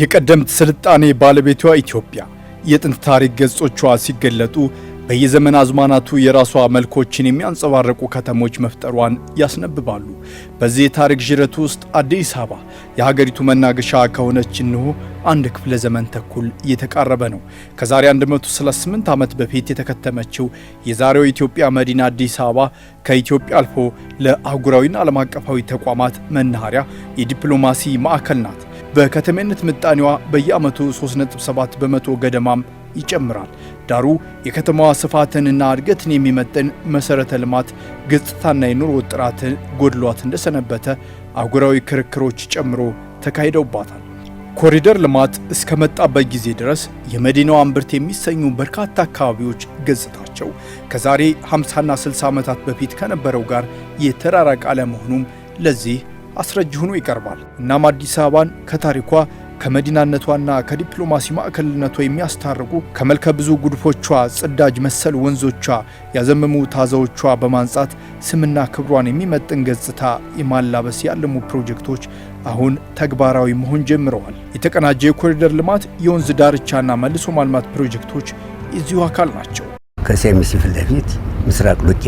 የቀደምት ስልጣኔ ባለቤቷ ኢትዮጵያ የጥንት ታሪክ ገጾቿ ሲገለጡ በየዘመን አዝማናቱ የራሷ መልኮችን የሚያንጸባረቁ ከተሞች መፍጠሯን ያስነብባሉ። በዚህ የታሪክ ዥረት ውስጥ አዲስ አበባ የሀገሪቱ መናገሻ ከሆነች እንሆ አንድ ክፍለ ዘመን ተኩል እየተቃረበ ነው። ከዛሬ 138 ዓመት በፊት የተከተመችው የዛሬው ኢትዮጵያ መዲና አዲስ አበባ ከኢትዮጵያ አልፎ ለአህጉራዊና ዓለም አቀፋዊ ተቋማት መናኸሪያ፣ የዲፕሎማሲ ማዕከል ናት። በከተሜነት ምጣኔዋ በየዓመቱ 3.7 በመቶ ገደማም ይጨምራል። ዳሩ የከተማዋ ስፋትንና እድገትን የሚመጥን መሠረተ ልማት ገጽታና የኑሮ ጥራትን ጎድሏት እንደሰነበተ አህጉራዊ ክርክሮች ጨምሮ ተካሂደውባታል። ኮሪደር ልማት እስከመጣበት ጊዜ ድረስ የመዲናዋ እምብርት የሚሰኙ በርካታ አካባቢዎች ገጽታቸው ከዛሬ 50ና 60 ዓመታት በፊት ከነበረው ጋር የተራራቀ አለመሆኑም ለዚህ አስረጅ ሆኖ ይቀርባል። እናም አዲስ አበባን ከታሪኳ ከመዲናነቷና ከዲፕሎማሲ ማዕከልነቷ የሚያስታርቁ ከመልከ ብዙ ጉድፎቿ፣ ጽዳጅ መሰል ወንዞቿ፣ ያዘመሙ ታዛዎቿ በማንጻት ስምና ክብሯን የሚመጥን ገጽታ የማላበስ ያለሙ ፕሮጀክቶች አሁን ተግባራዊ መሆን ጀምረዋል። የተቀናጀ የኮሪደር ልማት፣ የወንዝ ዳርቻና መልሶ ማልማት ፕሮጀክቶች የዚሁ አካል ናቸው። ከሴሚሲ ፊት ለፊት ምስራቅ ሉቄ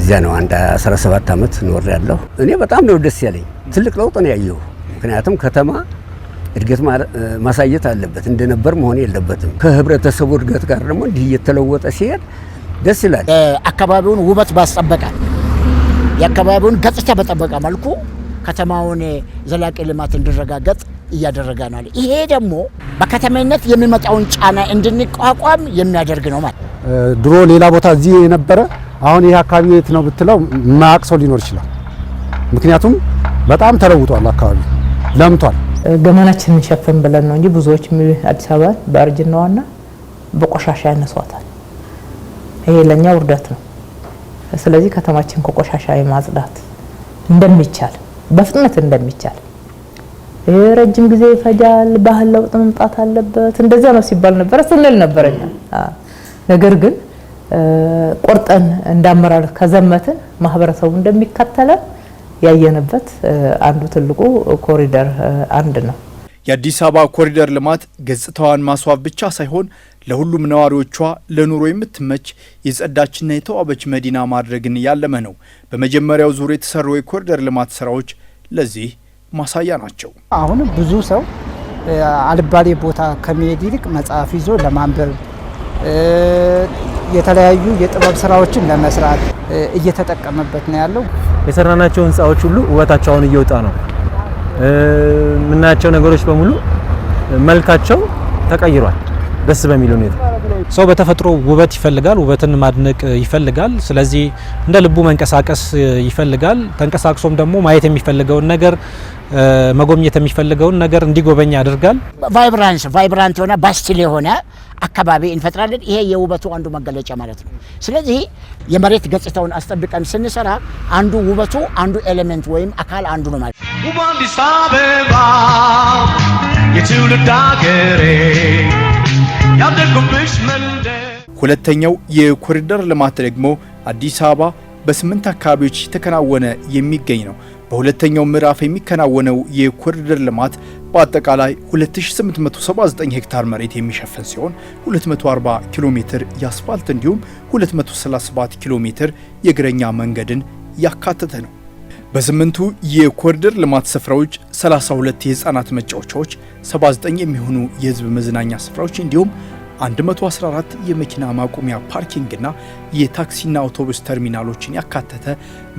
እዚያ ነው አንድ 17 ዓመት ኖር ያለው እኔ በጣም ነው ደስ ያለኝ፣ ትልቅ ለውጥ ነው ያየሁ። ምክንያቱም ከተማ እድገት ማሳየት አለበት፣ እንደነበር መሆን የለበትም። ከህብረተሰቡ እድገት ጋር ደግሞ እንዲህ እየተለወጠ ሲሄድ ደስ ይላል። አካባቢውን ውበት ባስጠበቀ የአካባቢውን ገጽታ በጠበቀ መልኩ ከተማውን ዘላቂ ልማት እንዲረጋገጥ እያደረገናል። ይሄ ደግሞ በከተማነት የሚመጣውን ጫና እንድንቋቋም የሚያደርግ ነው ማለት ድሮ ሌላ ቦታ እዚህ የነበረ አሁን ይህ አካባቢ የት ነው ብትለው የማያውቅ ሰው ሊኖር ይችላል። ምክንያቱም በጣም ተለውጧል፣ አካባቢ ለምቷል። ገመናችንን እንሸፍን ብለን ነው እንጂ ብዙዎች አዲስ አበባ በእርጅናዋና በቆሻሻ ያነሷታል። ይሄ ለእኛ ውርደት ነው። ስለዚህ ከተማችን ከቆሻሻ የማጽዳት እንደሚቻል በፍጥነት እንደሚቻል ይሄ ረጅም ጊዜ ይፈጃል፣ ባህል ለውጥ መምጣት አለበት እንደዚያ ነው ሲባል ነበረ ስንል ነበረኛ ነገር ግን ቆርጠን እንዳመራር ከዘመትን ማህበረሰቡ እንደሚከተለን ያየንበት አንዱ ትልቁ ኮሪደር አንድ ነው። የአዲስ አበባ ኮሪደር ልማት ገጽታዋን ማስዋብ ብቻ ሳይሆን ለሁሉም ነዋሪዎቿ ለኑሮ የምትመች የጸዳችና የተዋበች መዲና ማድረግን ያለመ ነው። በመጀመሪያው ዙር የተሰሩ የኮሪደር ልማት ስራዎች ለዚህ ማሳያ ናቸው። አሁን ብዙ ሰው አልባሌ ቦታ ከመሄድ ይልቅ መጽሐፍ ይዞ ለማንበብ የተለያዩ የጥበብ ስራዎችን ለመስራት እየተጠቀመበት ነው ያለው። የሰራናቸው ህንፃዎች ሁሉ ውበታቸው አሁን እየወጣ ነው። የምናያቸው ነገሮች በሙሉ መልካቸው ተቀይሯል፣ ደስ በሚል ሁኔታ። ሰው በተፈጥሮ ውበት ይፈልጋል፣ ውበትን ማድነቅ ይፈልጋል። ስለዚህ እንደ ልቡ መንቀሳቀስ ይፈልጋል። ተንቀሳቅሶም ደግሞ ማየት የሚፈልገውን ነገር መጎብኘት የሚፈልገውን ነገር እንዲጎበኝ ያደርጋል። ቫይብራንስ ቫይብራንት የሆነ ባስችል የሆነ አካባቢ እንፈጥራለን። ይሄ የውበቱ አንዱ መገለጫ ማለት ነው። ስለዚህ የመሬት ገጽታውን አስጠብቀን ስንሰራ አንዱ ውበቱ አንዱ ኤሌመንት ወይም አካል አንዱ ነው ማለት ውብ አዲስ አበባ የትውልድ አገሬ መንደር። ሁለተኛው የኮሪደር ልማት ደግሞ አዲስ አበባ በስምንት አካባቢዎች የተከናወነ የሚገኝ ነው። በሁለተኛው ምዕራፍ የሚከናወነው የኮሪደር ልማት በአጠቃላይ 2879 ሄክታር መሬት የሚሸፍን ሲሆን 240 ኪሎ ሜትር የአስፋልት እንዲሁም 237 ኪሎ ሜትር የእግረኛ መንገድን ያካተተ ነው። በስምንቱ የኮሪደር ልማት ስፍራዎች 32 የህፃናት መጫወቻዎች፣ 79 የሚሆኑ የህዝብ መዝናኛ ስፍራዎች እንዲሁም 114 የመኪና ማቆሚያ ፓርኪንግና የታክሲና አውቶቡስ ተርሚናሎችን ያካተተ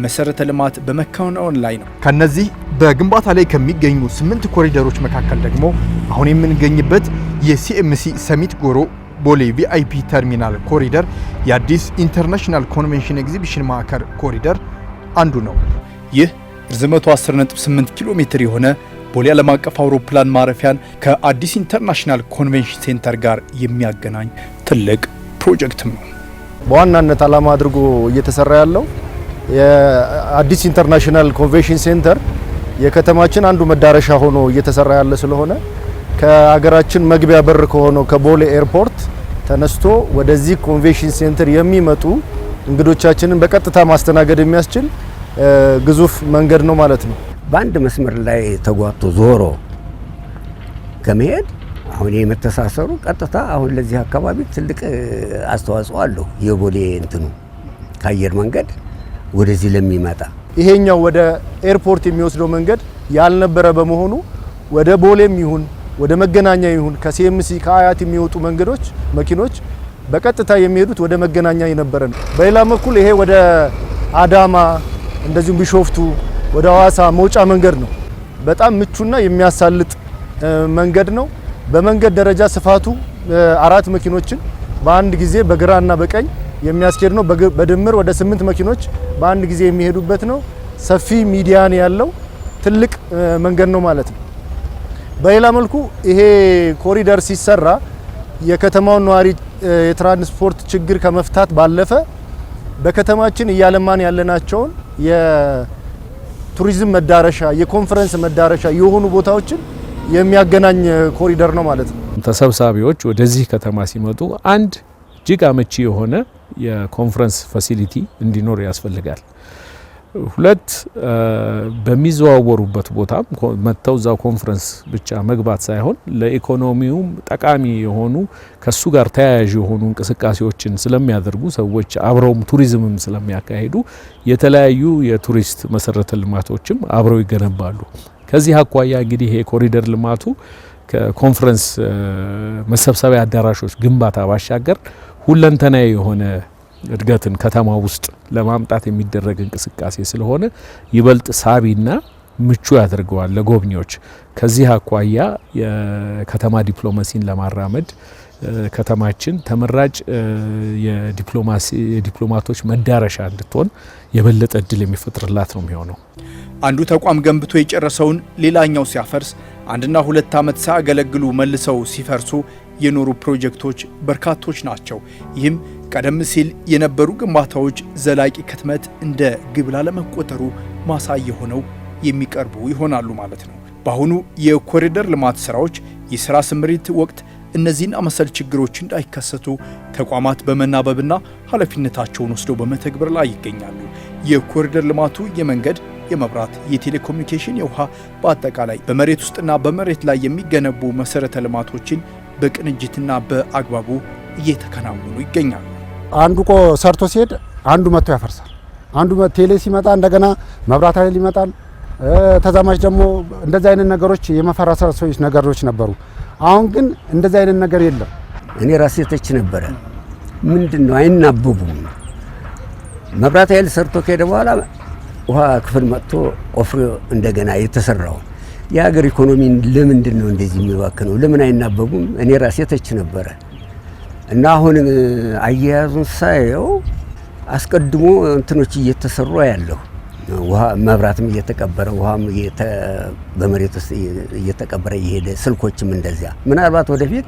መሰረተ ልማት በመከናወን ላይ ነው። ከነዚህ በግንባታ ላይ ከሚገኙ ስምንት ኮሪደሮች መካከል ደግሞ አሁን የምንገኝበት የሲኤምሲ ሰሚት ጎሮ ቦሌ ቪአይፒ ተርሚናል ኮሪደር የአዲስ ኢንተርናሽናል ኮንቬንሽን ኤግዚቢሽን ማዕከል ኮሪደር አንዱ ነው። ይህ ርዝመቱ ኪሎ ሜትር የሆነ ቦሌ ዓለም አቀፍ አውሮፕላን ማረፊያን ከአዲስ ኢንተርናሽናል ኮንቬንሽን ሴንተር ጋር የሚያገናኝ ትልቅ ፕሮጀክትም ነው። በዋናነት ዓላማ አድርጎ እየተሰራ ያለው የአዲስ ኢንተርናሽናል ኮንቬንሽን ሴንተር የከተማችን አንዱ መዳረሻ ሆኖ እየተሰራ ያለ ስለሆነ ከሀገራችን መግቢያ በር ከሆነው ከቦሌ ኤርፖርት ተነስቶ ወደዚህ ኮንቬንሽን ሴንተር የሚመጡ እንግዶቻችንን በቀጥታ ማስተናገድ የሚያስችል ግዙፍ መንገድ ነው ማለት ነው። በአንድ መስመር ላይ ተጓቶ ዞሮ ከመሄድ አሁን የመተሳሰሩ ቀጥታ አሁን ለዚህ አካባቢ ትልቅ አስተዋጽኦ አለው። የቦሌ እንትኑ ከአየር መንገድ ወደዚህ ለሚመጣ ይሄኛው ወደ ኤርፖርት የሚወስደው መንገድ ያልነበረ በመሆኑ ወደ ቦሌም ይሁን ወደ መገናኛ ይሁን ከሲኤምሲ ከአያት የሚወጡ መንገዶች መኪኖች በቀጥታ የሚሄዱት ወደ መገናኛ የነበረ ነው። በሌላ በኩል ይሄ ወደ አዳማ እንደዚሁም ቢሾፍቱ ወደ ሀዋሳ መውጫ መንገድ ነው። በጣም ምቹና የሚያሳልጥ መንገድ ነው። በመንገድ ደረጃ ስፋቱ አራት መኪኖችን በአንድ ጊዜ በግራና በቀኝ የሚያስኬድ ነው። በድምር ወደ ስምንት መኪኖች በአንድ ጊዜ የሚሄዱበት ነው። ሰፊ ሚዲያን ያለው ትልቅ መንገድ ነው ማለት ነው። በሌላ መልኩ ይሄ ኮሪደር ሲሰራ የከተማውን ነዋሪ የትራንስፖርት ችግር ከመፍታት ባለፈ በከተማችን እያለማን ያለናቸውን ቱሪዝም መዳረሻ፣ የኮንፈረንስ መዳረሻ የሆኑ ቦታዎችን የሚያገናኝ ኮሪደር ነው ማለት ነው። ተሰብሳቢዎች ወደዚህ ከተማ ሲመጡ አንድ እጅግ አመቺ የሆነ የኮንፈረንስ ፋሲሊቲ እንዲኖር ያስፈልጋል። ሁለት በሚዘዋወሩበት ቦታም መጥተው እዛው ኮንፈረንስ ብቻ መግባት ሳይሆን ለኢኮኖሚውም ጠቃሚ የሆኑ ከሱ ጋር ተያያዥ የሆኑ እንቅስቃሴዎችን ስለሚያደርጉ ሰዎች አብረውም ቱሪዝምም ስለሚያካሂዱ የተለያዩ የቱሪስት መሰረተ ልማቶችም አብረው ይገነባሉ። ከዚህ አኳያ እንግዲህ የኮሪደር ልማቱ ከኮንፈረንስ መሰብሰቢያ አዳራሾች ግንባታ ባሻገር ሁለንተናዊ የሆነ እድገትን ከተማ ውስጥ ለማምጣት የሚደረግ እንቅስቃሴ ስለሆነ ይበልጥ ሳቢና ምቹ ያደርገዋል ለጎብኚዎች። ከዚህ አኳያ የከተማ ዲፕሎማሲን ለማራመድ ከተማችን ተመራጭ የዲፕሎማቶች መዳረሻ እንድትሆን የበለጠ እድል የሚፈጥርላት ነው የሚሆነው። አንዱ ተቋም ገንብቶ የጨረሰውን ሌላኛው ሲያፈርስ፣ አንድና ሁለት ዓመት ሳያገለግሉ መልሰው ሲፈርሱ የኖሩ ፕሮጀክቶች በርካቶች ናቸው። ይህም ቀደም ሲል የነበሩ ግንባታዎች ዘላቂ ክትመት እንደ ግብ ላለመቆጠሩ ማሳያ ሆነው የሚቀርቡ ይሆናሉ ማለት ነው። በአሁኑ የኮሪደር ልማት ስራዎች የስራ ስምሪት ወቅት እነዚህን መሰል ችግሮች እንዳይከሰቱ ተቋማት በመናበብና ኃላፊነታቸውን ወስደው በመተግበር ላይ ይገኛሉ። የኮሪደር ልማቱ የመንገድ፣ የመብራት፣ የቴሌኮሙኒኬሽን፣ የውሃ በአጠቃላይ በመሬት ውስጥና በመሬት ላይ የሚገነቡ መሰረተ ልማቶችን በቅንጅትና በአግባቡ እየተከናወኑ ይገኛሉ። አንዱ ቆ ሰርቶ ሲሄድ አንዱ መጥቶ ያፈርሳል። አንዱ ቴሌ ሲመጣ እንደገና መብራት ኃይል ይመጣል። ተዛማች ደግሞ እንደዚህ አይነት ነገሮች ሰዎች ነገሮች ነበሩ። አሁን ግን እንደዚህ አይነት ነገር የለም። እኔ ራሴ ተች ነበረ ምንድን ነው አይናበቡም። መብራት ኃይል ሰርቶ ከሄደ በኋላ ውሃ ክፍል መጥቶ ኦፍሮ እንደገና የተሰራው የሀገር ኢኮኖሚን ለምንድን ነው እንደዚህ የሚባክነው? ለምን አይናበቡም? እኔ ራሴ ተች ነበረ። እና አሁን አያያዙን ሳየው አስቀድሞ እንትኖች እየተሰሩ ያለሁ ውሃ መብራትም እየተቀበረ ውሃም በመሬት ውስጥ እየተቀበረ እየሄደ ስልኮችም እንደዚያ። ምናልባት ወደፊት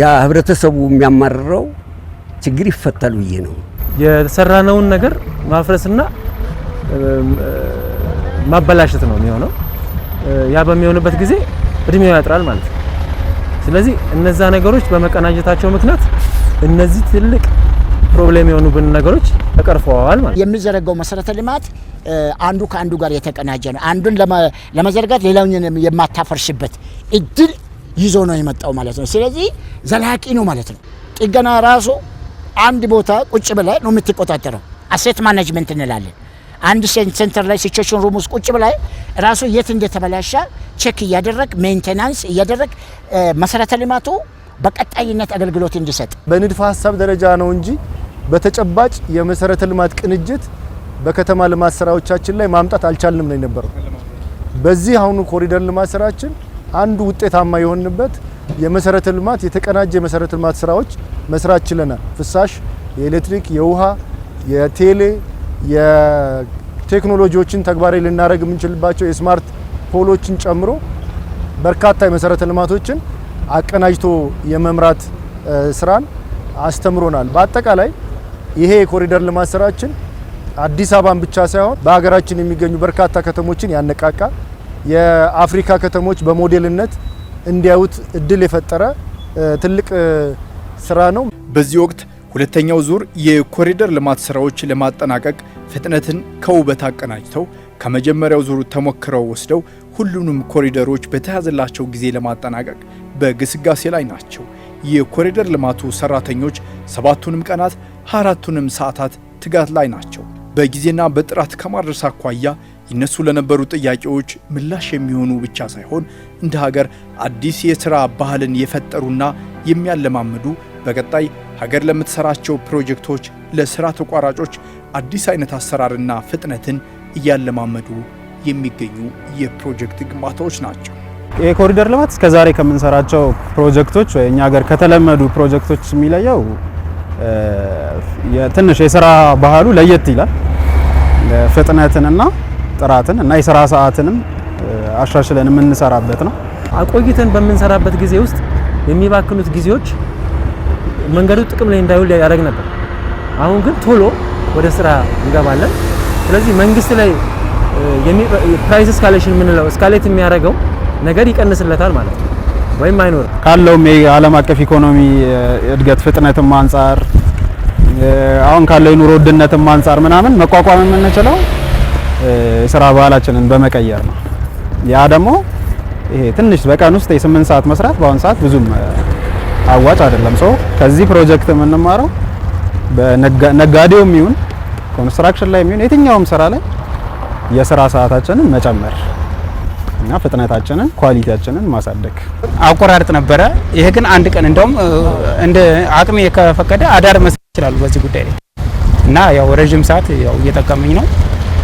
ያ ህብረተሰቡ የሚያማርረው ችግር ይፈታል ብዬ ነው። የሰራነውን ነገር ማፍረስና ማበላሸት ነው የሚሆነው። ያ በሚሆንበት ጊዜ እድሜው ያጥራል ማለት ነው። ስለዚህ እነዛ ነገሮች በመቀናጀታቸው ምክንያት እነዚህ ትልቅ ፕሮብሌም የሆኑብን ነገሮች ተቀርፈዋል ማለት። የሚዘረጋው መሰረተ ልማት አንዱ ከአንዱ ጋር የተቀናጀ ነው። አንዱን ለመዘርጋት ሌላውን የማታፈርሽበት እድል ይዞ ነው የመጣው ማለት ነው። ስለዚህ ዘላቂ ነው ማለት ነው። ጥገና ራሱ አንድ ቦታ ቁጭ ብለ ነው የምትቆጣጠረው። አሴት ማኔጅመንት እንላለን። አንድ ሴንተር ላይ ሲቸሽን ሩም ውስጥ ቁጭ ብላይ ራሱ የት እንደተበላሻ ቼክ እያደረግ ሜንቴናንስ እያደረግ መሰረተ ልማቱ በቀጣይነት አገልግሎት እንዲሰጥ በንድፈ ሀሳብ ደረጃ ነው እንጂ በተጨባጭ የመሰረተ ልማት ቅንጅት በከተማ ልማት ስራዎቻችን ላይ ማምጣት አልቻልንም ነው የነበረው። በዚህ አሁኑ ኮሪደር ልማት ስራችን አንዱ ውጤታማ የሆንበት የመሰረተ ልማት የተቀናጀ የመሰረተ ልማት ስራዎች መስራት ችለናል። ፍሳሽ፣ የኤሌክትሪክ፣ የውሃ፣ የቴሌ የቴክኖሎጂዎችን ተግባራዊ ልናደርግ የምንችልባቸው የስማርት ፖሎችን ጨምሮ በርካታ የመሰረተ ልማቶችን አቀናጅቶ የመምራት ስራን አስተምሮናል። በአጠቃላይ ይሄ የኮሪደር ልማት ስራችን አዲስ አበባን ብቻ ሳይሆን በሀገራችን የሚገኙ በርካታ ከተሞችን ያነቃቃ፣ የአፍሪካ ከተሞች በሞዴልነት እንዲያዩት እድል የፈጠረ ትልቅ ስራ ነው። በዚህ ወቅት ሁለተኛው ዙር የኮሪደር ልማት ስራዎች ለማጠናቀቅ ፍጥነትን ከውበት አቀናጅተው ከመጀመሪያው ዙር ተሞክረው ወስደው ሁሉንም ኮሪደሮች በተያዘላቸው ጊዜ ለማጠናቀቅ በግስጋሴ ላይ ናቸው። የኮሪደር ልማቱ ሰራተኞች ሰባቱንም ቀናት አራቱንም ሰዓታት ትጋት ላይ ናቸው። በጊዜና በጥራት ከማድረስ አኳያ ይነሱ ለነበሩ ጥያቄዎች ምላሽ የሚሆኑ ብቻ ሳይሆን እንደ ሀገር አዲስ የሥራ ባህልን የፈጠሩና የሚያለማምዱ በቀጣይ ሀገር ለምትሰራቸው ፕሮጀክቶች ለስራ ተቋራጮች አዲስ አይነት አሰራርና ፍጥነትን እያለማመዱ የሚገኙ የፕሮጀክት ግንባታዎች ናቸው። የኮሪደር ልማት እስከዛሬ ከምንሰራቸው ፕሮጀክቶች ወይ እኛ ሀገር ከተለመዱ ፕሮጀክቶች የሚለየው ትንሽ የስራ ባህሉ ለየት ይላል። ፍጥነትንና ጥራትን እና የስራ ሰዓትንም አሻሽለን የምንሰራበት ነው። አቆይተን በምንሰራበት ጊዜ ውስጥ የሚባክኑት ጊዜዎች መንገዱ ጥቅም ላይ እንዳይውል ያደርግ ነበር። አሁን ግን ቶሎ ወደ ስራ እንገባለን። ስለዚህ መንግስት ላይ ፕራይስ እስካሌሽን የምንለው እስካሌት የሚያደርገው ነገር ይቀንስለታል ማለት ነው ወይም አይኖርም። ካለውም የዓለም አቀፍ ኢኮኖሚ እድገት ፍጥነትም አንጻር አሁን ካለው የኑሮ ውድነትም አንጻር ምናምን መቋቋም የምንችለው የስራ ባህላችንን በመቀየር ነው። ያ ደግሞ ይሄ ትንሽ በቀን ውስጥ የስምንት ሰዓት መስራት በአሁን ሰዓት ብዙም አዋጭ አይደለም። ሰው ከዚህ ፕሮጀክት የምንማረው በነጋዴውም ይሁን ኮንስትራክሽን ላይ የሚሆን የትኛውም ስራ ላይ የስራ ሰዓታችንን መጨመር እና ፍጥነታችንን ኳሊቲያችንን ማሳደግ አቆራርጥ ነበረ። ይሄ ግን አንድ ቀን እንደውም እንደ አቅሜ ከፈቀደ አዳር መስ ይችላሉ በዚህ ጉዳይ ላይ እና ያው ረዥም ሰዓት ያው እየጠቀመኝ ነው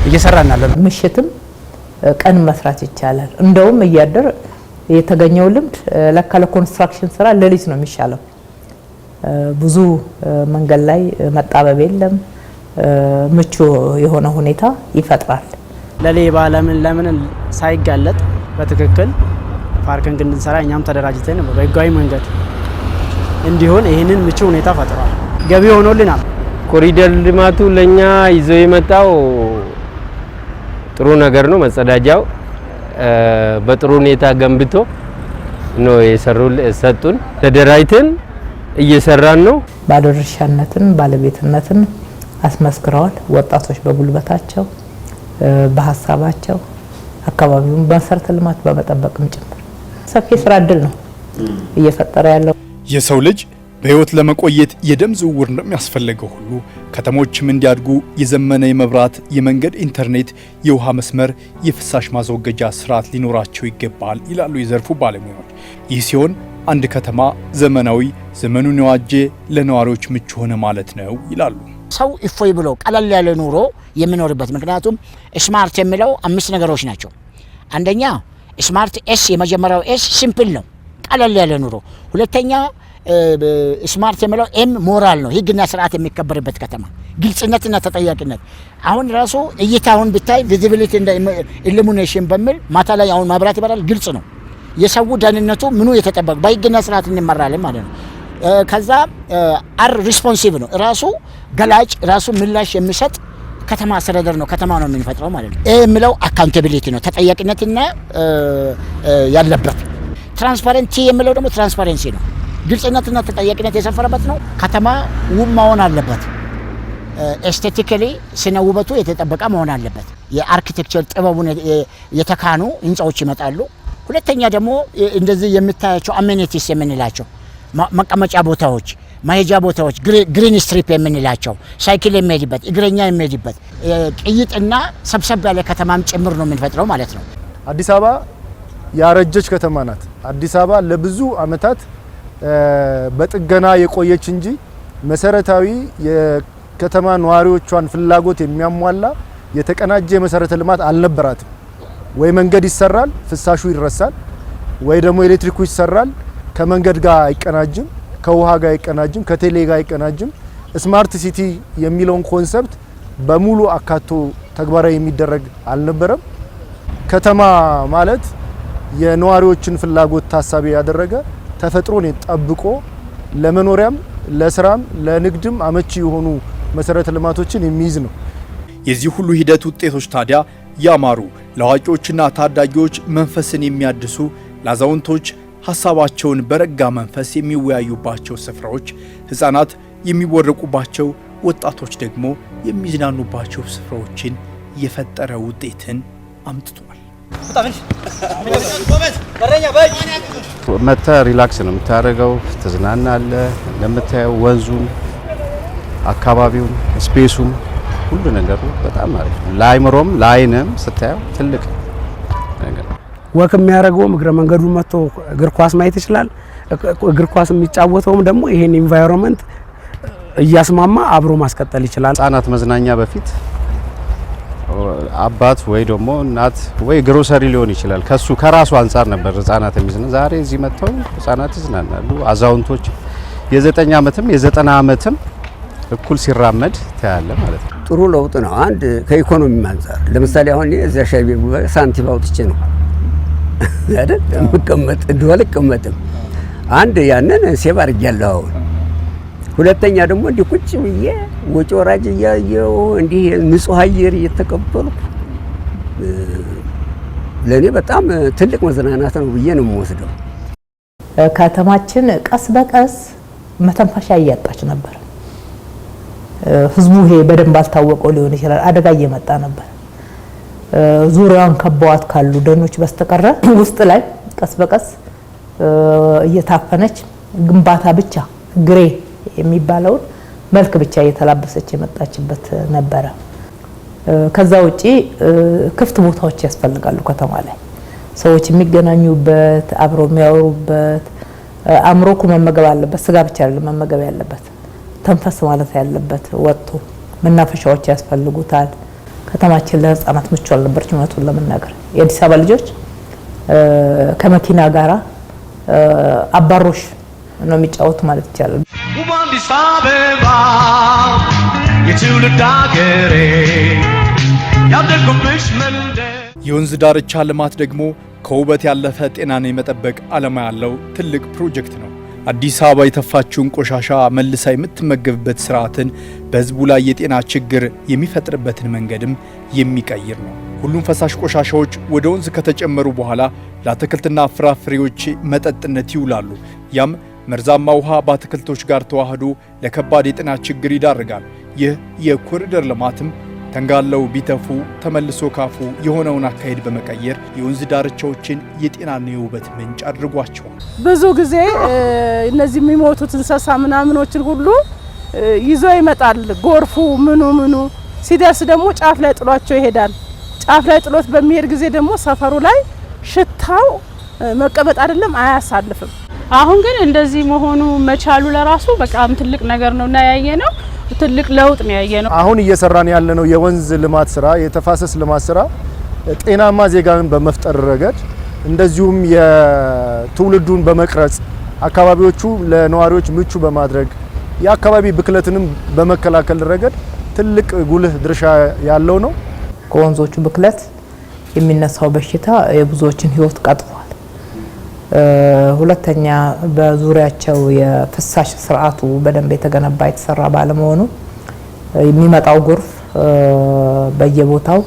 እየሰራናለን። ምሽትም ቀን መስራት ይቻላል። እንደውም እያደር የተገኘው ልምድ ለካ ለኮንስትራክሽን ስራ ሌሊት ነው የሚሻለው። ብዙ መንገድ ላይ መጣበብ የለም። ምቹ የሆነ ሁኔታ ይፈጥራል። ለሌባ ለምን ለምን ሳይጋለጥ በትክክል ፓርኪንግ እንድንሰራ እኛም ተደራጅተን በህጋዊ መንገድ እንዲሆን ይህንን ምቹ ሁኔታ ፈጥሯል። ገቢ ሆኖልናል። ኮሪደር ልማቱ ለእኛ ይዘው የመጣው ጥሩ ነገር ነው። መጸዳጃው በጥሩ ሁኔታ ገንብቶ ነው የሰሩል ሰጡን። ተደራጅተን እየሰራን ነው። ባለድርሻነትን ባለቤትነትን አስመስክረዋል። ወጣቶች በጉልበታቸው በሀሳባቸው አካባቢውን በመሰረተ ልማት በመጠበቅም ጭምር ሰፊ ስራ እድል ነው እየፈጠረ ያለው የሰው ልጅ በሕይወት ለመቆየት የደም ዝውውር እንደሚያስፈልገው ሁሉ ከተሞችም እንዲያድጉ የዘመነ የመብራት፣ የመንገድ፣ ኢንተርኔት፣ የውሃ መስመር፣ የፍሳሽ ማስወገጃ ስርዓት ሊኖራቸው ይገባል ይላሉ የዘርፉ ባለሙያዎች። ይህ ሲሆን አንድ ከተማ ዘመናዊ፣ ዘመኑን የዋጀ ለነዋሪዎች ምቹ ሆነ ማለት ነው ይላሉ። ሰው እፎይ ብሎ ቀለል ያለ ኑሮ የሚኖርበት ምክንያቱም ስማርት የሚለው አምስት ነገሮች ናቸው። አንደኛ ስማርት ኤስ የመጀመሪያው ኤስ ሲምፕል ነው፣ ቀለል ያለ ኑሮ። ሁለተኛ ስማርት የሚለው ኤም ሞራል ነው። ህግና ስርዓት የሚከበርበት ከተማ፣ ግልጽነትና ተጠያቂነት። አሁን ራሱ እይታ አሁን ብታይ ቪዚቢሊቲ እንደ ኢሉሚኔሽን በሚል ማታ ላይ አሁን ማብራት ይበራል። ግልጽ ነው። የሰው ደህንነቱ ምኑ የተጠበቀ በህግና ስርዓት እንመራለን ማለት ነው። ከዛ አር ሪስፖንሲቭ ነው። ራሱ ገላጭ ራሱ ምላሽ የሚሰጥ ከተማ አስተዳደር ነው። ከተማ ነው የምንፈጥረው ማለት ነው። ይህ የሚለው አካውንታቢሊቲ ነው፣ ተጠያቂነትና ያለበት። ትራንስፓረንቲ የሚለው ደግሞ ትራንስፓረንሲ ነው። ግልጽነትና ተጠያቂነት የሰፈረበት ነው። ከተማ ውብ መሆን አለበት። ኤስቴቲካሊ ስነ ውበቱ የተጠበቀ መሆን አለበት። የአርኪቴክቸር ጥበቡን የተካኑ ህንፃዎች ይመጣሉ። ሁለተኛ ደግሞ እንደዚህ የምታያቸው አሜኒቲስ የምንላቸው መቀመጫ ቦታዎች፣ መሄጃ ቦታዎች፣ ግሪን ስትሪፕ የምንላቸው ሳይክል የሚሄድበት እግረኛ የሚሄድበት ቅይጥና ሰብሰብ ያለ ከተማም ጭምር ነው የምንፈጥረው ማለት ነው። አዲስ አበባ ያረጀች ከተማ ናት። አዲስ አበባ ለብዙ ዓመታት በጥገና የቆየች እንጂ መሰረታዊ የከተማ ነዋሪዎቿን ፍላጎት የሚያሟላ የተቀናጀ የመሰረተ ልማት አልነበራትም። ወይ መንገድ ይሰራል፣ ፍሳሹ ይረሳል፣ ወይ ደግሞ ኤሌክትሪኩ ይሰራል፣ ከመንገድ ጋር አይቀናጅም፣ ከውሃ ጋር አይቀናጅም፣ ከቴሌ ጋር አይቀናጅም። ስማርት ሲቲ የሚለውን ኮንሰፕት በሙሉ አካቶ ተግባራዊ የሚደረግ አልነበረም። ከተማ ማለት የነዋሪዎችን ፍላጎት ታሳቢ ያደረገ ተፈጥሮን ጠብቆ ለመኖሪያም ለስራም ለንግድም አመቺ የሆኑ መሰረተ ልማቶችን የሚይዝ ነው። የዚህ ሁሉ ሂደት ውጤቶች ታዲያ ያማሩ ለአዋቂዎችና ታዳጊዎች መንፈስን የሚያድሱ ለአዛውንቶች ሀሳባቸውን በረጋ መንፈስ የሚወያዩባቸው ስፍራዎች፣ ህፃናት የሚቦረቁባቸው፣ ወጣቶች ደግሞ የሚዝናኑባቸው ስፍራዎችን የፈጠረ ውጤትን አምጥቷል። መተ ሪላክስ ነው የምታደርገው፣ ትዝናና አለ እንደምታየው፣ ወንዙም አካባቢውም ስፔሱም ሁሉ ነገሩ በጣም አሪፍ ነው። ለአይምሮም ለአይንም ስታየው ትልቅ ነገር ወክ የሚያደርገውም እግረ መንገዱ መጥቶ እግር ኳስ ማየት ይችላል። እግር ኳስ የሚጫወተውም ደግሞ ይሄን ኢንቫይሮንመንት እያስማማ አብሮ ማስቀጠል ይችላል። ህጻናት መዝናኛ በፊት አባት ወይ ደግሞ እናት ወይ ግሮሰሪ ሊሆን ይችላል። ከሱ ከራሱ አንጻር ነበር ህጻናት የሚዝና ዛሬ እዚህ መጥተው ህጻናት ይዝናናሉ። አዛውንቶች የዘጠኝ ዓመትም የዘጠና ዓመትም እኩል ሲራመድ ታያለ ማለት ነው። ጥሩ ለውጥ ነው። አንድ ከኢኮኖሚ አንጻር ለምሳሌ አሁን እዚያ ሻይ ቤት ሳንቲም አውጥቼ ነው አይደል የምቀመጥ እንደዋል እቀመጥም። አንድ ያንን ሴቭ አድርጌያለሁ። አሁን ሁለተኛ ደግሞ እንዲህ ቁጭ ብዬ ወጪ ወራጅ እያየው እንዲህ ንጹህ አየር እየተቀበልኩ ለእኔ በጣም ትልቅ መዝናናት ነው ብዬ ነው የምወስደው። ከተማችን ቀስ በቀስ መተንፈሻ እያጣች ነበር። ህዝቡ ይሄ በደንብ አልታወቀው ሊሆን ይችላል። አደጋ እየመጣ ነበር። ዙሪያውን ከበዋት ካሉ ደኖች በስተቀረ ውስጥ ላይ ቀስ በቀስ እየታፈነች ግንባታ ብቻ ግሬ የሚባለውን መልክ ብቻ እየተላበሰች የመጣችበት ነበረ። ከዛ ውጪ ክፍት ቦታዎች ያስፈልጋሉ። ከተማ ላይ ሰዎች የሚገናኙበት፣ አብሮ የሚያወሩበት፣ አእምሮ እኮ መመገብ አለበት። ስጋ ብቻ አይደለም መመገብ ያለበት፣ ተንፈስ ማለት ያለበት ወጥቶ መናፈሻዎች ያስፈልጉታል። ከተማችን ለሕፃናት ምቹ አልነበረች። እውነቱን ለመናገር የአዲስ አበባ ልጆች ከመኪና ጋራ አባሮሽ ነው የሚጫወቱ ማለት ይቻላል። ውብ አበባ የትውልድ አገሬ ያደግኩብሽ መንደር። የወንዝ ዳርቻ ልማት ደግሞ ከውበት ያለፈ ጤናን የመጠበቅ ዓላማ ያለው ትልቅ ፕሮጀክት ነው። አዲስ አበባ የተፋችውን ቆሻሻ መልሳ የምትመገብበት ስርዓትን በህዝቡ ላይ የጤና ችግር የሚፈጥርበትን መንገድም የሚቀይር ነው። ሁሉም ፈሳሽ ቆሻሻዎች ወደ ወንዝ ከተጨመሩ በኋላ ለአትክልትና ፍራፍሬዎች መጠጥነት ይውላሉ። ያም መርዛማ ውሃ በአትክልቶች ጋር ተዋህዶ ለከባድ የጤና ችግር ይዳርጋል። ይህ የኮሪደር ልማትም ተንጋለው ቢተፉ ተመልሶ ካፉ የሆነውን አካሄድ በመቀየር የወንዝ ዳርቻዎችን የጤናና የውበት ምንጭ አድርጓቸዋል። ብዙ ጊዜ እነዚህ የሚሞቱት እንስሳ ምናምኖችን ሁሉ ይዞ ይመጣል። ጎርፉ ምኑ ምኑ ሲደርስ ደግሞ ጫፍ ላይ ጥሏቸው ይሄዳል። ጫፍ ላይ ጥሎት በሚሄድ ጊዜ ደግሞ ሰፈሩ ላይ ሽታው መቀመጥ አይደለም አያሳልፍም። አሁን ግን እንደዚህ መሆኑ መቻሉ ለራሱ በጣም ትልቅ ነገር ነው እና ያየ ነው ትልቅ ለውጥ ነው ያየ ነው። አሁን እየሰራን ያለነው የወንዝ ልማት ስራ፣ የተፋሰስ ልማት ስራ ጤናማ ዜጋን በመፍጠር ረገድ እንደዚሁም የትውልዱን በመቅረጽ አካባቢዎቹ ለነዋሪዎች ምቹ በማድረግ የአካባቢ ብክለትንም በመከላከል ረገድ ትልቅ ጉልህ ድርሻ ያለው ነው። ከወንዞቹ ብክለት የሚነሳው በሽታ የብዙዎችን ሕይወት ቀጥፏል። ሁለተኛ በዙሪያቸው የፍሳሽ ስርዓቱ በደንብ የተገነባ የተሰራ ባለመሆኑ የሚመጣው ጎርፍ በየቦታው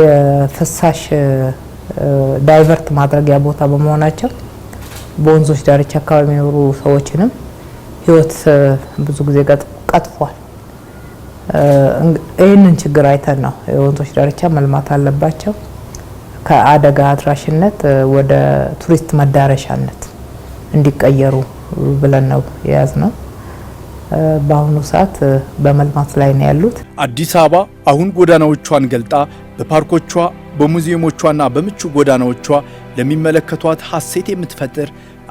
የፍሳሽ ዳይቨርት ማድረጊያ ቦታ በመሆናቸው በወንዞች ዳርቻ አካባቢ የሚኖሩ ሰዎችንም ሕይወት ብዙ ጊዜ ቀጥፏል። ይህንን ችግር አይተን ነው የወንዞች ዳርቻ መልማት አለባቸው። ከአደጋ አድራሽነት ወደ ቱሪስት መዳረሻነት እንዲቀየሩ ብለን ነው የያዝነው። በአሁኑ ሰዓት በመልማት ላይ ነው ያሉት። አዲስ አበባ አሁን ጎዳናዎቿን ገልጣ በፓርኮቿ በሙዚየሞቿና በምቹ ጎዳናዎቿ ለሚመለከቷት ሀሴት የምትፈጥር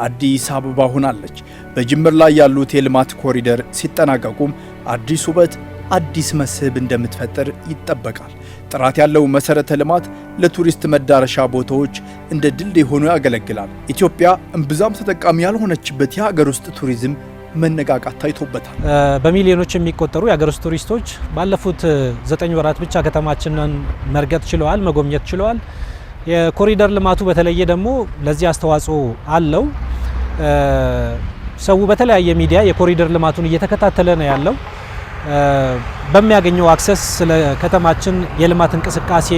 አዲስ አበባ ሆናለች። በጅምር ላይ ያሉት የልማት ኮሪደር ሲጠናቀቁም አዲስ ውበት፣ አዲስ መስህብ እንደምትፈጥር ይጠበቃል። ጥራት ያለው መሰረተ ልማት ለቱሪስት መዳረሻ ቦታዎች እንደ ድልድይ ሆኖ ያገለግላል። ኢትዮጵያ እምብዛም ተጠቃሚ ያልሆነችበት የሀገር ውስጥ ቱሪዝም መነቃቃት ታይቶበታል። በሚሊዮኖች የሚቆጠሩ የሀገር ውስጥ ቱሪስቶች ባለፉት ዘጠኝ ወራት ብቻ ከተማችንን መርገጥ ችለዋል፣ መጎብኘት ችለዋል። የኮሪደር ልማቱ በተለየ ደግሞ ለዚህ አስተዋጽኦ አለው። ሰው በተለያየ ሚዲያ የኮሪደር ልማቱን እየተከታተለ ነው ያለው። በሚያገኘው አክሰስ ስለ ከተማችን የልማት እንቅስቃሴ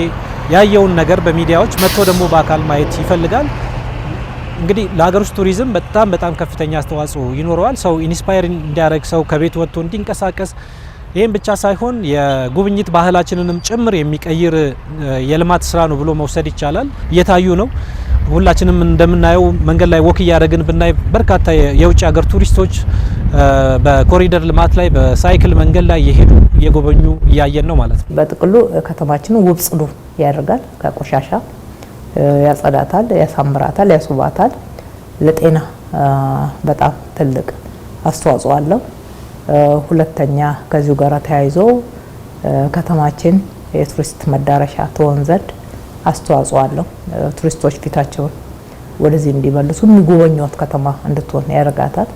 ያየውን ነገር በሚዲያዎች መጥቶ ደግሞ በአካል ማየት ይፈልጋል። እንግዲህ ለሀገር ውስጥ ቱሪዝም በጣም በጣም ከፍተኛ አስተዋጽኦ ይኖረዋል። ሰው ኢንስፓየር እንዲያደርግ ሰው ከቤት ወጥቶ እንዲንቀሳቀስ ይህም ብቻ ሳይሆን የጉብኝት ባህላችንንም ጭምር የሚቀይር የልማት ስራ ነው ብሎ መውሰድ ይቻላል። እየታዩ ነው። ሁላችንም እንደምናየው መንገድ ላይ ወክ እያደረግን ብናይ በርካታ የውጭ ሀገር ቱሪስቶች በኮሪደር ልማት ላይ በሳይክል መንገድ ላይ የሄዱ እየጎበኙ እያየን ነው ማለት ነው። በጥቅሉ ከተማችን ውብ ጽዱ ያደርጋል፣ ከቆሻሻ ያጸዳታል፣ ያሳምራታል፣ ያስውባታል። ለጤና በጣም ትልቅ አስተዋጽኦ አለው። ሁለተኛ ከዚሁ ጋር ተያይዞ ከተማችን የቱሪስት መዳረሻ ትሆን ዘንድ አስተዋጽኦ አለው። ቱሪስቶች ፊታቸውን ወደዚህ እንዲመልሱ የሚጎበኟት ከተማ እንድትሆን ያደርጋታል።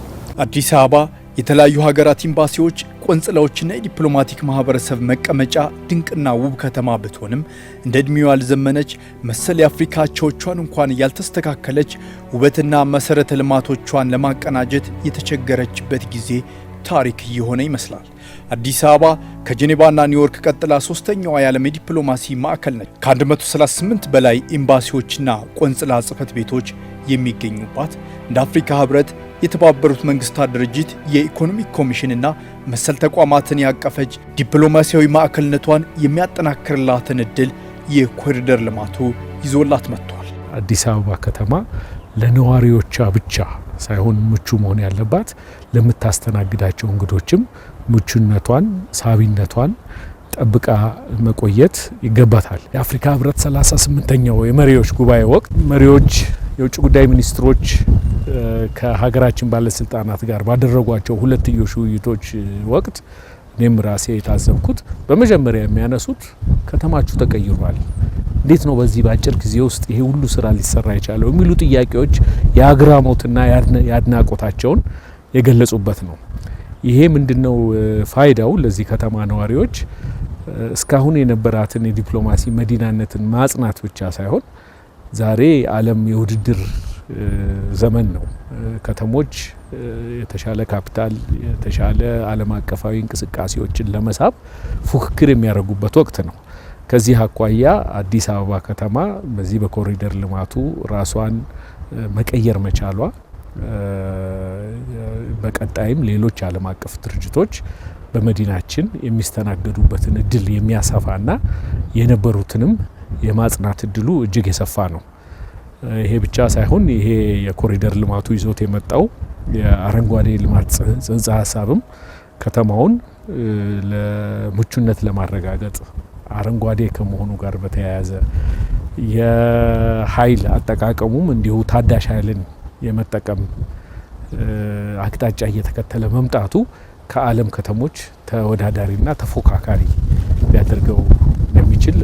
አዲስ አበባ የተለያዩ ሀገራት ኤምባሲዎች፣ ቆንጽላዎችና የዲፕሎማቲክ ማህበረሰብ መቀመጫ ድንቅና ውብ ከተማ ብትሆንም እንደ ዕድሜዋ ያልዘመነች መሰል የአፍሪካ አቻዎቿን እንኳን ያልተስተካከለች ውበትና መሰረተ ልማቶቿን ለማቀናጀት የተቸገረችበት ጊዜ ታሪክ እየሆነ ይመስላል። አዲስ አበባ ከጄኔቫና ኒውዮርክ ቀጥላ ሶስተኛዋ የዓለም የዲፕሎማሲ ማዕከል ነች። ከ138 በላይ ኤምባሲዎችና ቆንጽላ ጽህፈት ቤቶች የሚገኙባት እንደ አፍሪካ ህብረት፣ የተባበሩት መንግስታት ድርጅት የኢኮኖሚክ ኮሚሽንና መሰል ተቋማትን ያቀፈች ዲፕሎማሲያዊ ማዕከልነቷን የሚያጠናክርላትን እድል የኮሪደር ልማቱ ይዞላት መጥቷል። አዲስ አበባ ከተማ ለነዋሪዎቿ ብቻ ሳይሆን ምቹ መሆን ያለባት ለምታስተናግዳቸው እንግዶችም ምቹነቷን፣ ሳቢነቷን ጠብቃ መቆየት ይገባታል። የአፍሪካ ህብረት 38ኛው የመሪዎች ጉባኤ ወቅት መሪዎች የውጭ ጉዳይ ሚኒስትሮች ከሀገራችን ባለስልጣናት ጋር ባደረጓቸው ሁለትዮሽ ውይይቶች ወቅት እኔም ራሴ የታዘብኩት በመጀመሪያ የሚያነሱት ከተማችሁ ተቀይሯል፣ እንዴት ነው በዚህ በአጭር ጊዜ ውስጥ ይሄ ሁሉ ስራ ሊሰራ የቻለው የሚሉ ጥያቄዎች የአግራሞትና የአድናቆታቸውን የገለጹበት ነው። ይሄ ምንድነው ፋይዳው ለዚህ ከተማ ነዋሪዎች? እስካሁን የነበራትን የዲፕሎማሲ መዲናነትን ማጽናት ብቻ ሳይሆን ዛሬ ዓለም የውድድር ዘመን ነው። ከተሞች የተሻለ ካፒታል፣ የተሻለ ዓለም አቀፋዊ እንቅስቃሴዎችን ለመሳብ ፉክክር የሚያደርጉበት ወቅት ነው። ከዚህ አኳያ አዲስ አበባ ከተማ በዚህ በኮሪደር ልማቱ ራሷን መቀየር መቻሏ በቀጣይም ሌሎች ዓለም አቀፍ ድርጅቶች በመዲናችን የሚስተናገዱበትን እድል የሚያሰፋና የነበሩትንም የማጽናት እድሉ እጅግ የሰፋ ነው። ይሄ ብቻ ሳይሆን ይሄ የኮሪደር ልማቱ ይዞት የመጣው የአረንጓዴ ልማት ጽንሰ ሀሳብም ከተማውን ለምቹነት ለማረጋገጥ አረንጓዴ ከመሆኑ ጋር በተያያዘ የኃይል አጠቃቀሙም እንዲሁ ታዳሽ ኃይልን የመጠቀም አቅጣጫ እየተከተለ መምጣቱ ከዓለም ከተሞች ተወዳዳሪና ተፎካካሪ ሊያደርገው እንደሚችል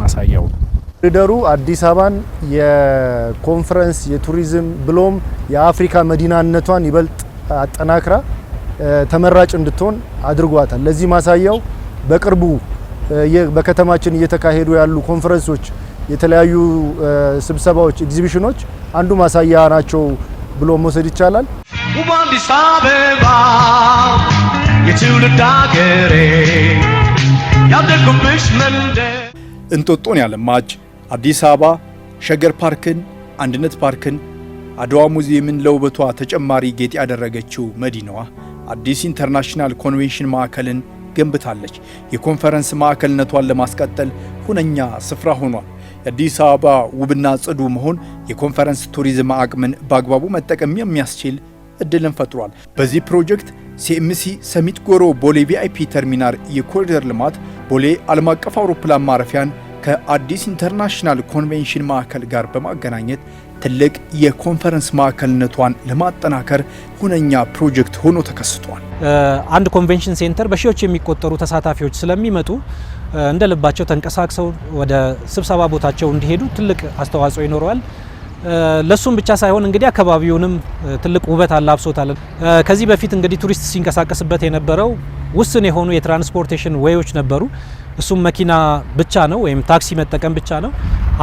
ማሳያው ነው። ኮሪደሩ አዲስ አበባን የኮንፈረንስ የቱሪዝም ብሎም የአፍሪካ መዲናነቷን ይበልጥ አጠናክራ ተመራጭ እንድትሆን አድርጓታል። ለዚህ ማሳያው በቅርቡ በከተማችን እየተካሄዱ ያሉ ኮንፈረንሶች፣ የተለያዩ ስብሰባዎች፣ ኤግዚቢሽኖች አንዱ ማሳያ ናቸው። ብሎ መውሰድ ይቻላል። ውብ አዲስ አበባ የትውልድ አገሬ ያደግኩብሽ መንደር እንጦጦን ያለማች አዲስ አበባ ሸገር ፓርክን፣ አንድነት ፓርክን፣ አድዋ ሙዚየምን ለውበቷ ተጨማሪ ጌጥ ያደረገችው መዲናዋ አዲስ ኢንተርናሽናል ኮንቬንሽን ማዕከልን ገንብታለች። የኮንፈረንስ ማዕከልነቷን ለማስቀጠል ሁነኛ ስፍራ ሆኗል። የአዲስ አበባ ውብና ጽዱ መሆን የኮንፈረንስ ቱሪዝም አቅምን በአግባቡ መጠቀም የሚያስችል እድልን ፈጥሯል። በዚህ ፕሮጀክት ሲኤምሲ ሰሚት ጎሮ ቦሌ ቪአይፒ ተርሚናል የኮሪደር ልማት ቦሌ ዓለም አቀፍ አውሮፕላን ማረፊያን ከአዲስ ኢንተርናሽናል ኮንቬንሽን ማዕከል ጋር በማገናኘት ትልቅ የኮንፈረንስ ማዕከልነቷን ለማጠናከር ሁነኛ ፕሮጀክት ሆኖ ተከስቷል። አንድ ኮንቬንሽን ሴንተር በሺዎች የሚቆጠሩ ተሳታፊዎች ስለሚመጡ እንደ ልባቸው ተንቀሳቅሰው ወደ ስብሰባ ቦታቸው እንዲሄዱ ትልቅ አስተዋጽኦ ይኖረዋል። ለሱም ብቻ ሳይሆን እንግዲህ አካባቢውንም ትልቅ ውበት አላብሶታል። ከዚህ በፊት እንግዲህ ቱሪስት ሲንቀሳቀስበት የነበረው ውስን የሆኑ የትራንስፖርቴሽን ወዮች ነበሩ። እሱም መኪና ብቻ ነው ወይም ታክሲ መጠቀም ብቻ ነው።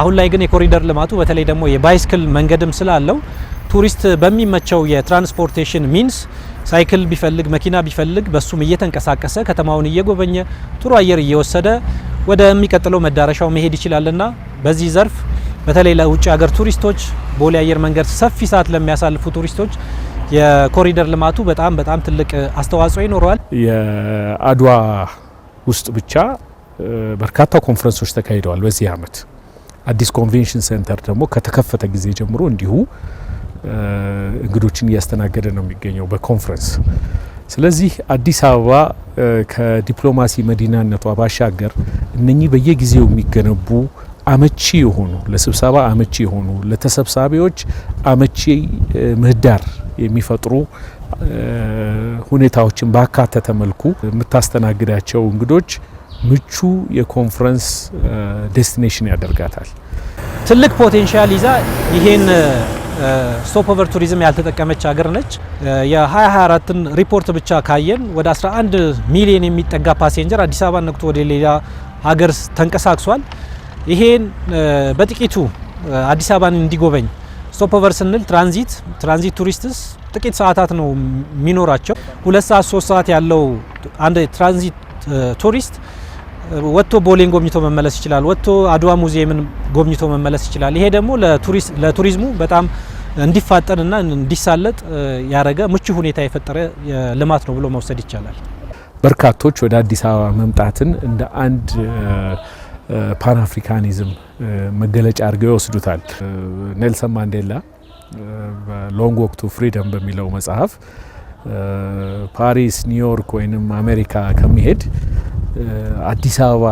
አሁን ላይ ግን የኮሪደር ልማቱ በተለይ ደግሞ የባይስክል መንገድም ስላለው ቱሪስት በሚመቸው የትራንስፖርቴሽን ሚንስ ሳይክል ቢፈልግ መኪና ቢፈልግ በሱም እየተንቀሳቀሰ ከተማውን እየጎበኘ ጥሩ አየር እየወሰደ ወደሚቀጥለው መዳረሻው መሄድ ይችላልና በዚህ ዘርፍ በተለይ ለውጭ ሀገር ቱሪስቶች ቦሌ አየር መንገድ ሰፊ ሰዓት ለሚያሳልፉ ቱሪስቶች የኮሪደር ልማቱ በጣም በጣም ትልቅ አስተዋጽኦ ይኖረዋል። የአድዋ ውስጥ ብቻ በርካታ ኮንፈረንሶች ተካሂደዋል በዚህ አመት። አዲስ ኮንቬንሽን ሴንተር ደግሞ ከተከፈተ ጊዜ ጀምሮ እንዲሁ እንግዶችን እያስተናገደ ነው የሚገኘው በኮንፈረንስ። ስለዚህ አዲስ አበባ ከዲፕሎማሲ መዲናነቷ ባሻገር እነኚህ በየጊዜው የሚገነቡ አመቺ የሆኑ ለስብሰባ አመቺ የሆኑ ለተሰብሳቢዎች አመቺ ምህዳር የሚፈጥሩ ሁኔታዎችን ባካተተ መልኩ የምታስተናግዳቸው እንግዶች ምቹ የኮንፈረንስ ዴስቲኔሽን ያደርጋታል። ትልቅ ፖቴንሻል ይዛ ይሄን ኦቨር ቱሪዝም ያልተጠቀመች ሀገር ነች። የ2024ን ሪፖርት ብቻ ካየን ወደ 11 ሚሊዮን የሚጠጋ ፓሴንጀር አዲስ አበባ ነቅቶ ወደ ሌላ ሀገር ተንቀሳቅሷል። ይሄን በጥቂቱ አዲስ አበባን እንዲጎበኝ ኦቨር ስንል ትራንዚት ትራንዚት ቱሪስትስ ጥቂት ሰዓታት ነው የሚኖራቸው። ሁለት ሰዓት ሶስት ሰዓት ያለው አንድ ትራንዚት ቱሪስት ወጥቶ ቦሌን ጎብኝቶ መመለስ ይችላል። ወጥቶ አድዋ ሙዚየምን ጎብኝቶ መመለስ ይችላል። ይሄ ደግሞ ለቱሪዝሙ በጣም እንዲፋጠንና እንዲሳለጥ ያደረገ ምቹ ሁኔታ የፈጠረ ልማት ነው ብሎ መውሰድ ይቻላል። በርካቶች ወደ አዲስ አበባ መምጣትን እንደ አንድ ፓን አፍሪካኒዝም መገለጫ አድርገው ይወስዱታል። ኔልሰን ማንዴላ በሎንግ ዎክ ቱ ፍሪደም በሚለው መጽሐፍ ፓሪስ፣ ኒውዮርክ ወይም አሜሪካ ከሚሄድ አዲስ አበባ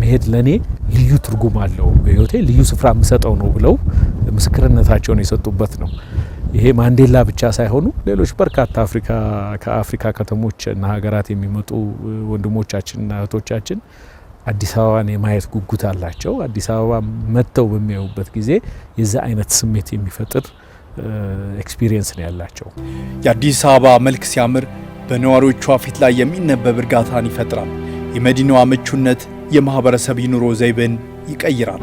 መሄድ ለእኔ ልዩ ትርጉም አለው፣ በህይወቴ ልዩ ስፍራ የምሰጠው ነው ብለው ምስክርነታቸውን የሰጡበት ነው። ይሄ ማንዴላ ብቻ ሳይሆኑ ሌሎች በርካታ አፍሪካ ከአፍሪካ ከተሞች እና ሀገራት የሚመጡ ወንድሞቻችንና እህቶቻችን አዲስ አበባን የማየት ጉጉት አላቸው። አዲስ አበባ መጥተው በሚያዩበት ጊዜ የዛ አይነት ስሜት የሚፈጥር ኤክስፒሪየንስ ነው ያላቸው። የአዲስ አበባ መልክ ሲያምር በነዋሪዎቿ ፊት ላይ የሚነበብ እርጋታን ይፈጥራል። የመዲናዋ ምቹነት የማህበረሰብ የኑሮ ዘይቤን ይቀይራል።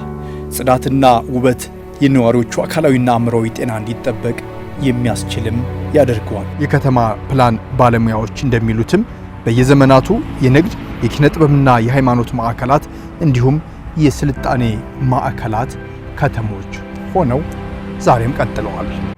ጽዳትና ውበት የነዋሪዎቹ አካላዊና አእምሮዊ ጤና እንዲጠበቅ የሚያስችልም ያደርገዋል። የከተማ ፕላን ባለሙያዎች እንደሚሉትም በየዘመናቱ የንግድ የኪነ ጥበብና የሃይማኖት ማዕከላት እንዲሁም የስልጣኔ ማዕከላት ከተሞች ሆነው ዛሬም ቀጥለዋል።